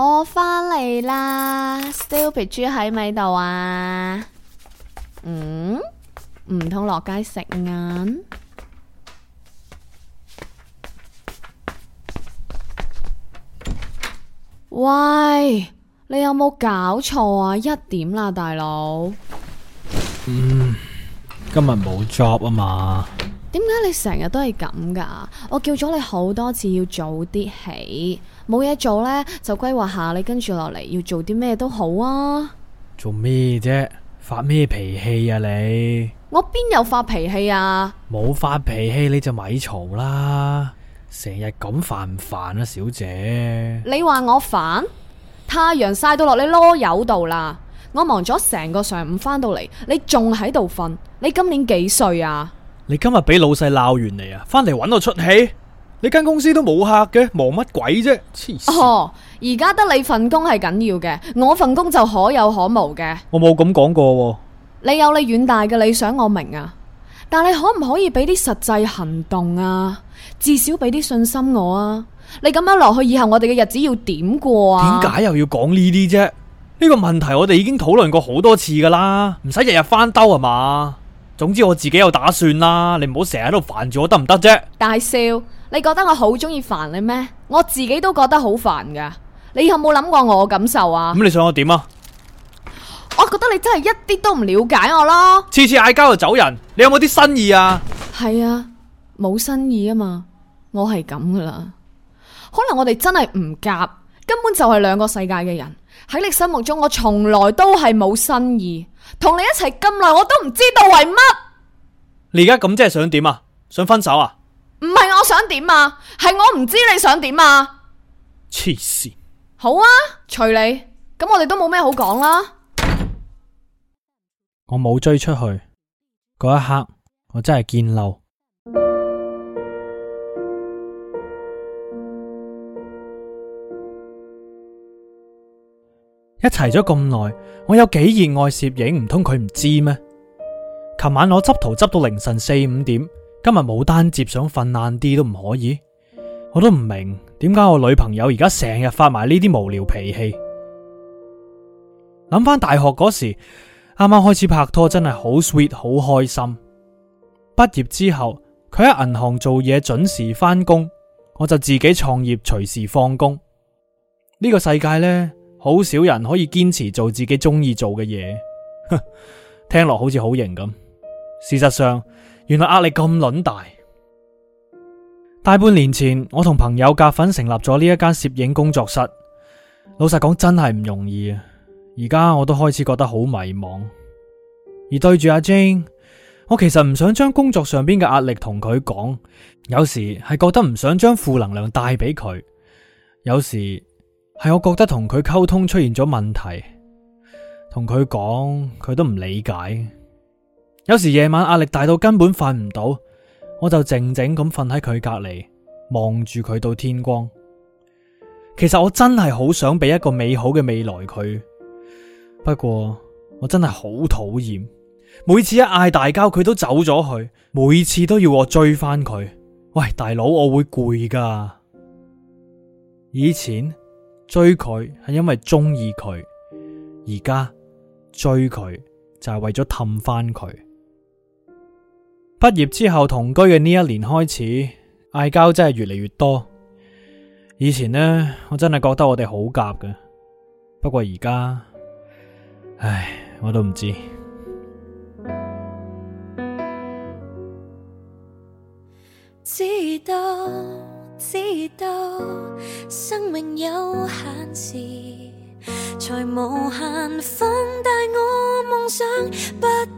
我返嚟啦 Stupid 豬喺咪度啊？嗯？唔通落街食晏？喂，你有冇搞錯啊？一點啦，大佬。嗯，今日冇 job 啊嘛？點解你成日都係咁噶？我叫咗你好多次要早啲起。冇嘢做呢，就規劃下你跟住落嚟要做啲咩都好啊！做咩啫？發咩脾氣啊你？我邊有發脾氣啊？冇發脾氣你就咪嘈啦！成日咁煩唔煩啊，小姐？你話我煩？太陽曬到落你囉柚度啦！我忙咗成個上午翻到嚟，你仲喺度瞓？你今年幾歲啊？你今日俾老細鬧完你啊？翻嚟揾我出氣？你間公司都冇客嘅，忙乜鬼啫？哦，而家得你份工係緊要嘅，我份工就可有可無嘅。我冇咁講過。你有你遠大嘅理想，我明啊，但你可唔可以俾啲實際行動啊？至少俾啲信心我啊。你咁樣落去，以後我哋嘅日子要點過啊？點解又要講呢啲啫？呢個問題我哋已經討論過好多次噶啦，唔使日日翻兜吖嘛。總之我自己有打算啦，你唔好成日喺度煩住我得唔得啫？行行大笑。你覺得我好中意煩你咩？我自己都覺得好煩噶。你有冇諗過我感受啊？咁、嗯、你想我點啊？我覺得你真係一啲都唔了解我咯。次次嗌交，就走人，你有冇啲新意啊？係 啊，冇新意啊嘛，我係咁噶啦。可能我哋真係唔夾，根本就係兩個世界嘅人。喺你心目中，我從來都係冇新意。同你一齊咁耐，我都唔知道為乜。你而家咁即係想點啊？想分手啊？唔係我想點啊，係我唔知你想點啊！黐線！好啊，隨你。咁我哋都冇咩好講啦。我冇追出去嗰一刻，我真係見漏。 一齊咗咁耐，我有幾熱愛攝影，唔通佢唔知咩？琴晚我執圖執到凌晨四五點。今日冇單接，想瞓晏啲都唔可以，我都唔明點解我女朋友而家成日發埋呢啲無聊脾氣。諗翻大學嗰時，啱啱開始拍拖，真係好 sweet，好開心。畢業之後，佢喺銀行做嘢，準時翻工，我就自己創業，隨時放工。呢個世界呢，好少人可以堅持做自己中意做嘅嘢。哼，聽落好似好型咁，事實上。原來壓力咁卵大。大半年前，我同朋友夾份成立咗呢一間攝影工作室。老實講，真係唔容易啊。而家我都開始覺得好迷茫。而對住阿晶，我其實唔想將工作上邊嘅壓力同佢講。有時係覺得唔想將負能量帶俾佢。有時係我覺得同佢溝通出現咗問題，同佢講佢都唔理解。有時夜晚壓力大到根本瞓唔到，我就靜靜咁瞓喺佢隔籬，望住佢到天光。其實我真係好想俾一個美好嘅未來佢，不過我真係好討厭，每次一嗌大交，佢都走咗去，每次都要我追翻佢。喂大佬，我會攰噶。以前追佢係因為中意佢，而家追佢就係為咗氹翻佢。畢業之後同居嘅呢一年開始，嗌交真係越嚟越多。以前呢，我真係覺得我哋好夾㗎。不過而家，唉，我都唔知。知道，知道，生命有限時，才無限放大我夢想不。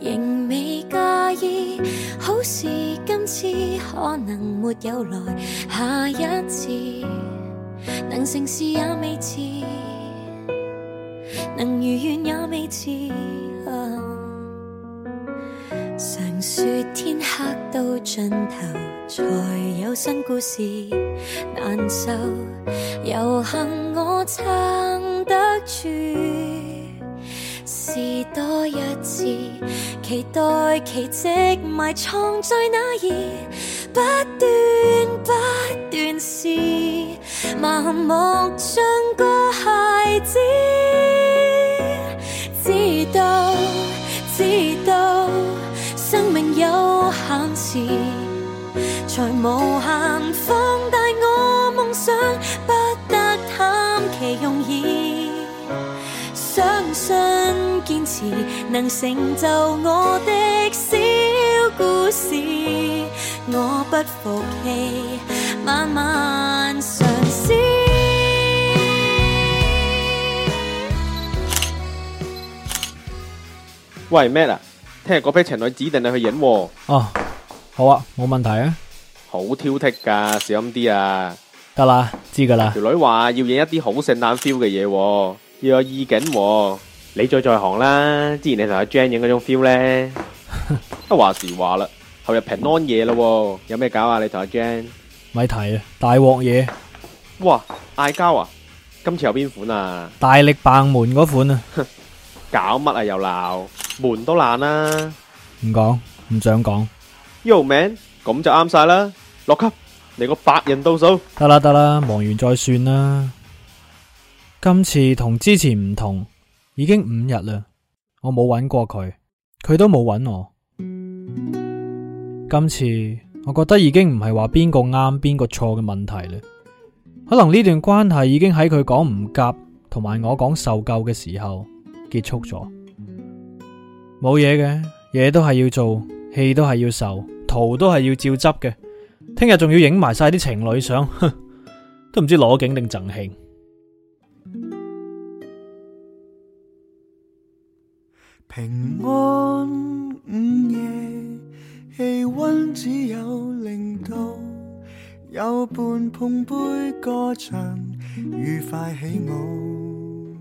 仍未介意，好事今次可能沒有來。下一次能成事也未遲，能如願也未遲。常、啊、說天黑到盡頭才有新故事，難受又幸我撐得住。試多一次，期待奇蹟埋藏在哪兒，不斷不斷試，盲目像個孩子。知道知道，生命有限時，才無限放大我夢想，不得貪其容易。相信。能成就我我的小故事，不服氣，慢慢嘗試。喂，Matt 啊，聽日嗰批情侶指定你去影哦、啊啊。好啊，冇問題啊。好挑剔㗎，小心啲啊。得啦，知㗎喇。條女話要影一啲好聖誕 feel 嘅嘢，要有意境、啊。你最在行啦，之前你同阿 Jane 影嗰種 feel 咧，都話時話啦，後日平安夜咯，有咩搞啊？你同阿 Jane 咪提啊，大鑊嘢！哇，嗌交啊！今次有邊款啊？大力棒門嗰款啊！哼，搞乜啊？又鬧門都爛啦，唔講唔想講。Yo man，咁就啱晒啦，落級，嚟個百人倒數。得啦得啦，忙完再算啦。今次同之前唔同。已經五日啦，我冇揾過佢，佢都冇揾我。今次我覺得已經唔係話邊個啱邊個錯嘅問題啦，可能呢段關係已經喺佢講唔夾，同埋我講受夠嘅時候結束咗。冇嘢嘅，嘢都係要做，戲都係要受，圖都係要照執嘅。聽日仲要影埋晒啲情侶相，哼，都唔知攞景定贈興。平安午夜，氣溫只有零度，有伴碰杯歌唱，愉快起舞。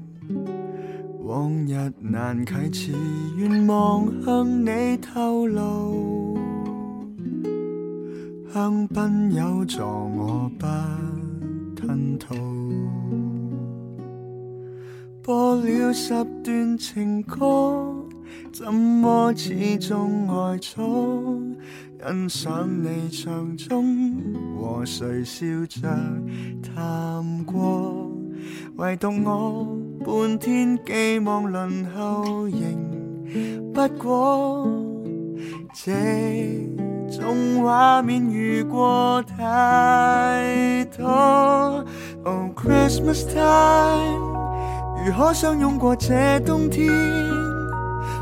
往日難啟齒，願望向你透露，香檳有助我不吞吐，播了十段情歌。怎麼始終愛錯？欣賞你場中和誰笑着談過，唯獨我半天寄望輪候。仍不過，這種畫面遇過太多。o、oh, Christmas time，如可相擁過這冬天？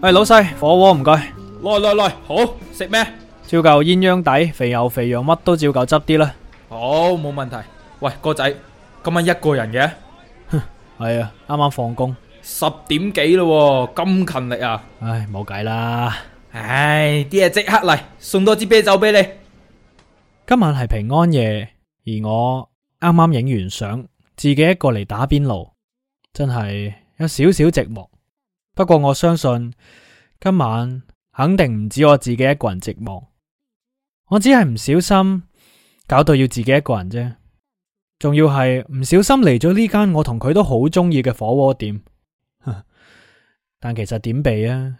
喂，老細，火鍋唔該，來來來，好食咩？照舊鴛鴦底，肥牛肥羊，乜都照舊執啲啦。好，冇問題。喂，哥仔，今晚一個人嘅？哼，係啊，啱啱放工，十點幾咯，咁勤力啊！唉，冇計啦。唉，啲嘢即刻嚟，送多支啤酒俾你。今晚係平安夜，而我啱啱影完相，自己一個嚟打邊爐，真係有少少寂寞。不過我相信今晚肯定唔止我自己一個人寂寞，我只係唔小心搞到要自己一個人啫，仲要係唔小心嚟咗呢間我同佢都好中意嘅火鍋店。 但其實點避啊？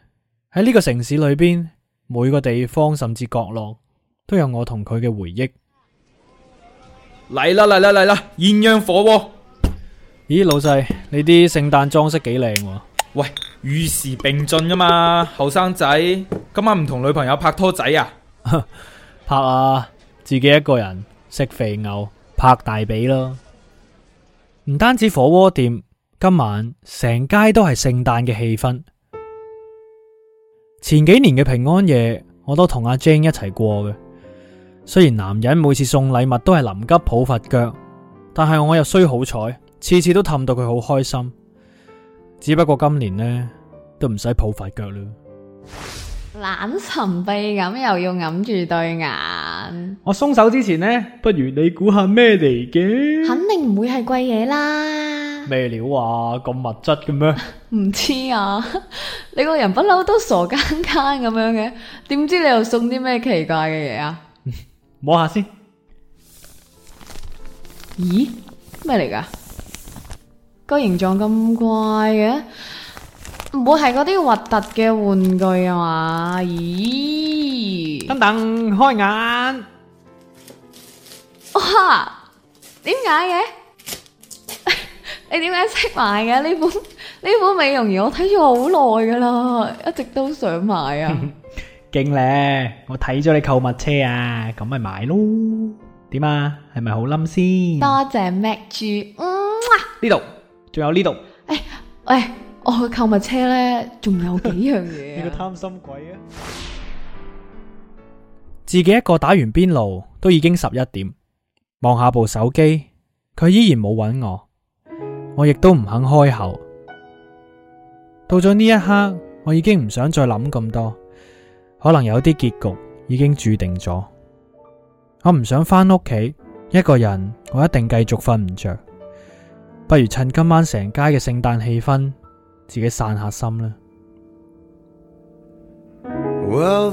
喺呢個城市裏邊，每個地方甚至角落都有我同佢嘅回憶。來了來了來了。嚟啦嚟啦嚟啦！鴛鴦火鍋。咦，老細，你啲聖誕裝飾幾靚喎？喂。與時並進噶嘛，後生仔，今晚唔同女朋友拍拖仔啊？ 拍啊，自己一個人食肥牛拍大髀咯。唔單止火鍋店，今晚成街都係聖誕嘅氣氛。前幾年嘅平安夜，我都同阿 Jan 一齊過嘅。雖然男人每次送禮物都係臨急抱佛腳，但係我又衰好彩，次次都氹到佢好開心。只不過今年呢，都唔使抱塊腳啦。懶神秘咁，又要揞住對眼。我鬆手之前呢，不如你估下咩嚟嘅？肯定唔會係貴嘢啦。咩料啊？咁物質嘅咩？唔知啊，你個人不嬲都傻更更咁樣嘅，點知你又送啲咩奇怪嘅嘢啊？摸下先。咦？咩嚟噶？個形狀咁怪嘅，唔會係嗰啲核突嘅玩具啊嘛？咦？等等，開眼！哇，點解嘅？ 你點解識買嘅呢款呢款美容儀？我睇咗好耐噶啦，一直都想買啊！勁咧， 我睇咗你購物車啊，咁咪買咯？點啊？係咪好冧先？多謝 Maggie 豬，嗯、呢度。仲有呢度，誒、欸欸，我去購物車呢，仲有幾樣嘢，啊、 你個貪心鬼啊！自己一個打完邊爐都已經十一點，望下部手機，佢依然冇揾我，我亦都唔肯開口。到咗呢一刻，我已經唔想再諗咁多，可能有啲結局已經注定咗。我唔想翻屋企一個人，我一定繼續瞓唔着。不如趁今晚成街嘅聖誕氣氛，自己散下心啦。Well,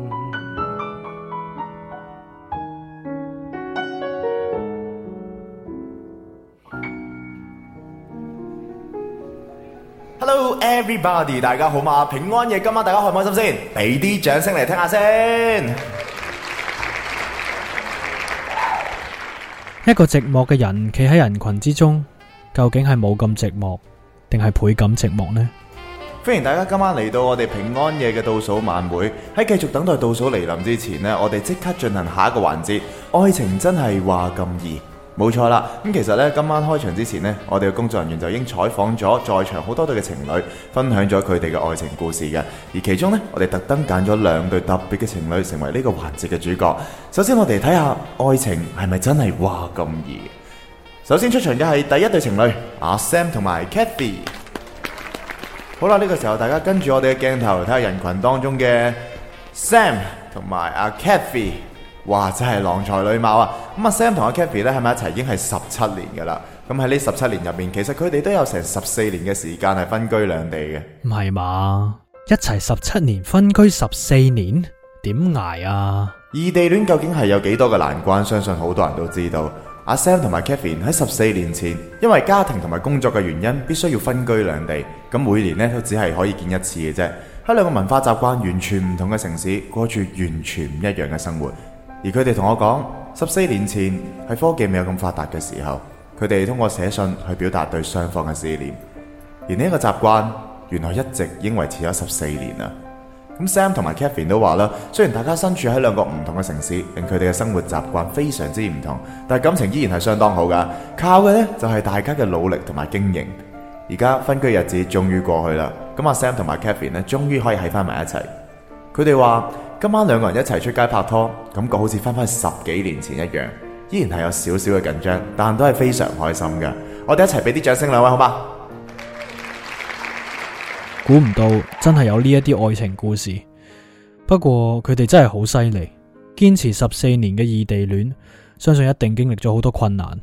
Hello everybody，大家好嘛！平安夜今晚大家開唔開心先？俾啲掌聲嚟聽下先。一個寂寞嘅人企喺人群之中，究竟係冇咁寂寞，定係倍感寂寞呢？歡迎大家今晚嚟到我哋平安夜嘅倒數晚會。喺繼續等待倒數來臨之前呢，我哋即刻進行下一個環節。愛情真係話咁易。冇錯啦，咁其實呢，今晚開場之前呢，我哋嘅工作人員就已經採訪咗在場好多對嘅情侶，分享咗佢哋嘅愛情故事嘅。而其中呢，我哋特登揀咗兩對特別嘅情侶成為呢個環節嘅主角。首先，我哋睇下愛情係咪真係話咁易？首先出場嘅係第一對情侶，阿 Sam 同埋 Kathy。好啦，呢個時候大家跟住我哋嘅鏡頭睇下人群當中嘅 Sam 同埋阿 Kathy。哇！真係郎才女貌啊！咁阿 Sam 同阿 Kathy 呢喺埋一齊，已經係十七年噶啦。咁喺呢十七年入面，其實佢哋都有成十四年嘅時間係分居兩地嘅。唔係嘛？一齊十七年，分居十四年，點挨啊？異地戀究竟係有幾多嘅難關？相信好多人都知道。阿 Sam 同埋 Kathy 喺十四年前，因為家庭同埋工作嘅原因，必須要分居兩地。咁每年呢，都只係可以見一次嘅啫。喺兩個文化習慣完全唔同嘅城市，過住完全唔一樣嘅生活。而佢哋同我講，十四年前喺科技未有咁發達嘅時候，佢哋通過寫信去表達對雙方嘅思念。而呢個習慣，原來一直已經維持咗十四年啦。咁 Sam 同埋 Katherine 都話啦，雖然大家身處喺兩個唔同嘅城市，令佢哋嘅生活習慣非常之唔同，但係感情依然係相當好噶。靠嘅呢，就係大家嘅努力同埋經營。而家分居日子終於過去啦，咁阿 Sam 同埋 Katherine 呢，終於可以喺翻埋一齊。佢哋話今晚兩個人一齊出街拍拖，感覺好似翻返十幾年前一樣，依然係有少少嘅緊張，但都係非常開心嘅。我哋一齊俾啲掌聲，兩位好嗎？估唔到真係有呢一啲愛情故事，不過佢哋真係好犀利，堅持十四年嘅異地戀，相信一定經歷咗好多困難。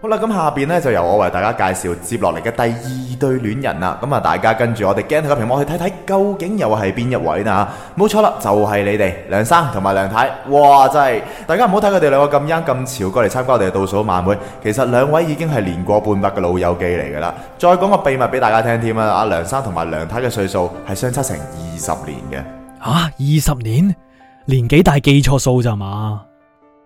好啦，咁下邊呢，就由我為大家介紹接落嚟嘅第二對戀人啦。咁、嗯、啊，大家跟住我哋鏡頭嘅屏幕去睇睇，究竟又係邊一位啦？冇錯啦，就係、是、你哋梁生同埋梁太。哇，真係大家唔好睇佢哋兩個咁 young 咁潮過嚟參加我哋嘅倒數晚會。其實兩位已經係年過半百嘅老友記嚟噶啦。再講個秘密俾大家聽添啊。阿梁生同埋梁太嘅歲數係相差成二十年嘅。吓、啊，二十年？年紀大記錯數咋嘛？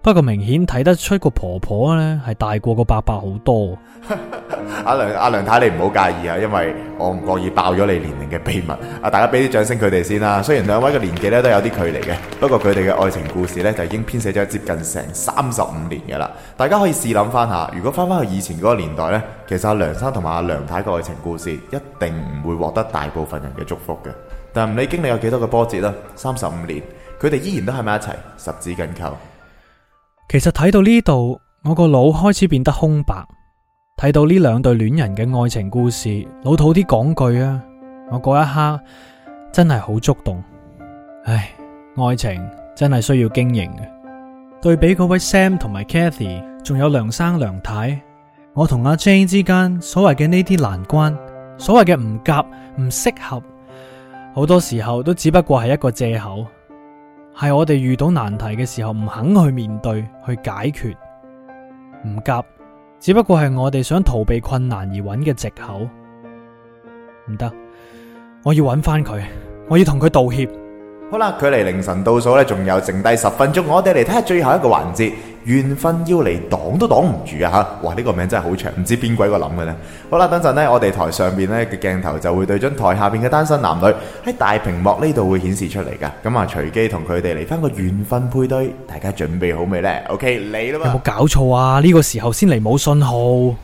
不過明顯睇得出個婆婆呢係大過個伯伯好多 、啊。阿梁阿、啊、梁太，你唔好介意啊，因為我唔覺意爆咗你年齡嘅秘密。啊，大家俾啲掌聲佢哋先啦。雖然兩位嘅年紀呢都有啲距離嘅，不過佢哋嘅愛情故事呢，就已經編寫咗接近成三十五年嘅啦。大家可以試諗翻下，如果翻翻去以前嗰個年代呢，其實阿梁生同埋阿梁太嘅愛情故事一定唔會獲得大部分人嘅祝福嘅。但唔理經歷有幾多嘅波折啦，三十五年，佢哋依然都喺埋一齊，十指緊扣。其實睇到呢度，我個腦開始變得空白。睇到呢兩對戀人嘅愛情故事，老土啲講句啊，我嗰一刻真係好觸動。唉，愛情真係需要經營嘅。對比嗰位 Sam 同埋 Kathy，仲有梁生梁太，我同阿 Jane 之間所謂嘅呢啲難關，所謂嘅唔夾唔適合，好多時候都只不過係一個借口。係我哋遇到難題嘅時候唔肯去面對去解決，唔夾，只不過係我哋想逃避困難而揾嘅藉口，唔得，我要揾翻佢，我要同佢道歉。好啦，距離凌晨倒數咧，仲有剩低十分鐘，我哋嚟睇下最後一個環節，緣分要嚟擋都擋唔住啊吓！哇，呢個名真係好長，唔知邊鬼個諗嘅呢。好啦，等陣呢，我哋台上邊呢嘅鏡頭就會對準台下邊嘅單身男女喺大屏幕呢度會顯示出嚟噶。咁、嗯、啊，隨機同佢哋嚟翻個緣分配對，大家準備好未呢？OK，嚟啦，有冇搞錯啊？呢個時候先嚟冇信號。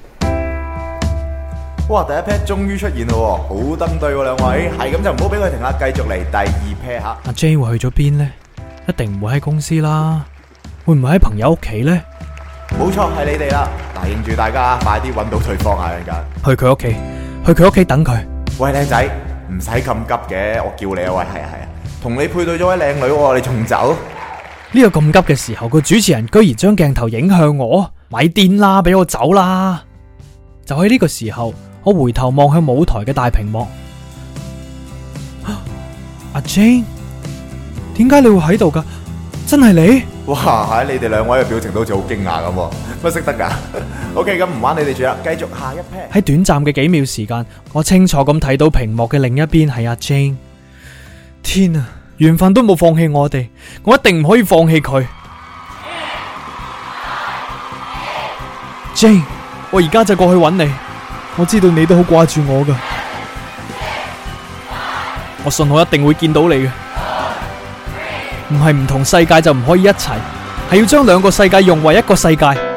哇！第一 pair 終於出現咯，好登對喎，兩位係咁 就唔好俾佢停啦，繼續嚟第二 pair 吓。阿 J 會去咗邊呢？一定唔會喺公司啦，會唔會喺朋友屋企呢？冇錯係你哋啦！答應住大家快啲搵到對方啊！而家去佢屋企，去佢屋企等佢。喂，靚仔，唔使咁急嘅，我叫你啊！喂，係啊係啊，同你配對咗位靚女，你重走。呢個咁急嘅時候，個主持人居然將鏡頭影向我，咪癲啦！俾我走啦！就喺呢個時候。我回頭望向舞台嘅大屏幕，阿、啊、Jane，點解你會喺度噶？真係你？哇，你哋兩位嘅表情好都好似好驚訝咁，乜識得噶？OK，咁唔玩你哋住啦，繼續下一 pair。喺短暫嘅幾秒時間，我清楚咁睇到屏幕嘅另一邊係阿 Jane。天啊，緣分都冇放棄我哋，我一定唔可以放棄佢。Jane，我而家就過去揾你。我知道你都好掛住我㗎，我信我一定會見到你㗎。唔係唔同世界就唔可以一齊，係要將兩個世界融為一個世界。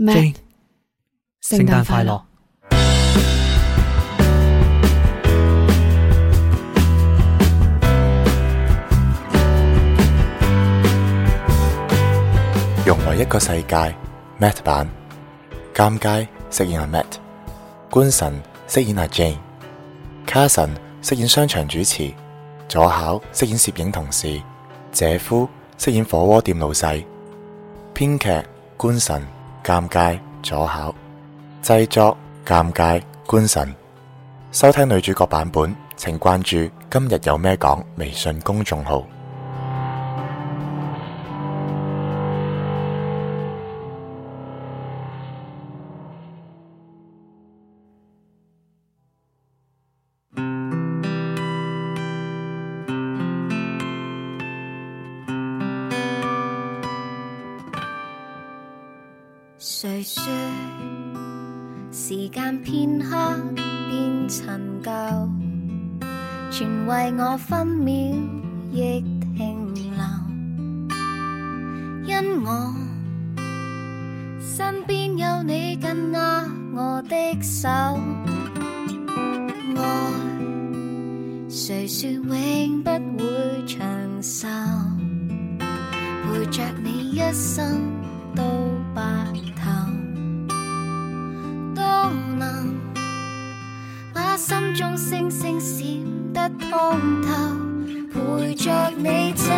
Jane 聖誕快樂。 快樂融為一個世界，Matt 版，監街飾演阿、uh、Matt，官神飾演阿、uh、Jane，Carson 飾演商場主持，左考飾演攝影同事，姐夫飾演火鍋店老細，編劇官神。尷尬左考，製作尷尬官神。收聽女主角版本，請關注今日有咩講微信公眾號。誰說永不會長壽？陪着你一生到白頭，都能把心中星星閃得通透。陪着你走，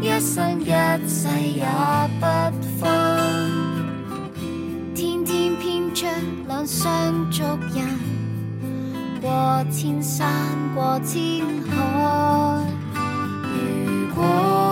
一生一世也不分。天天編着兩雙足印。過千山，過千海。如果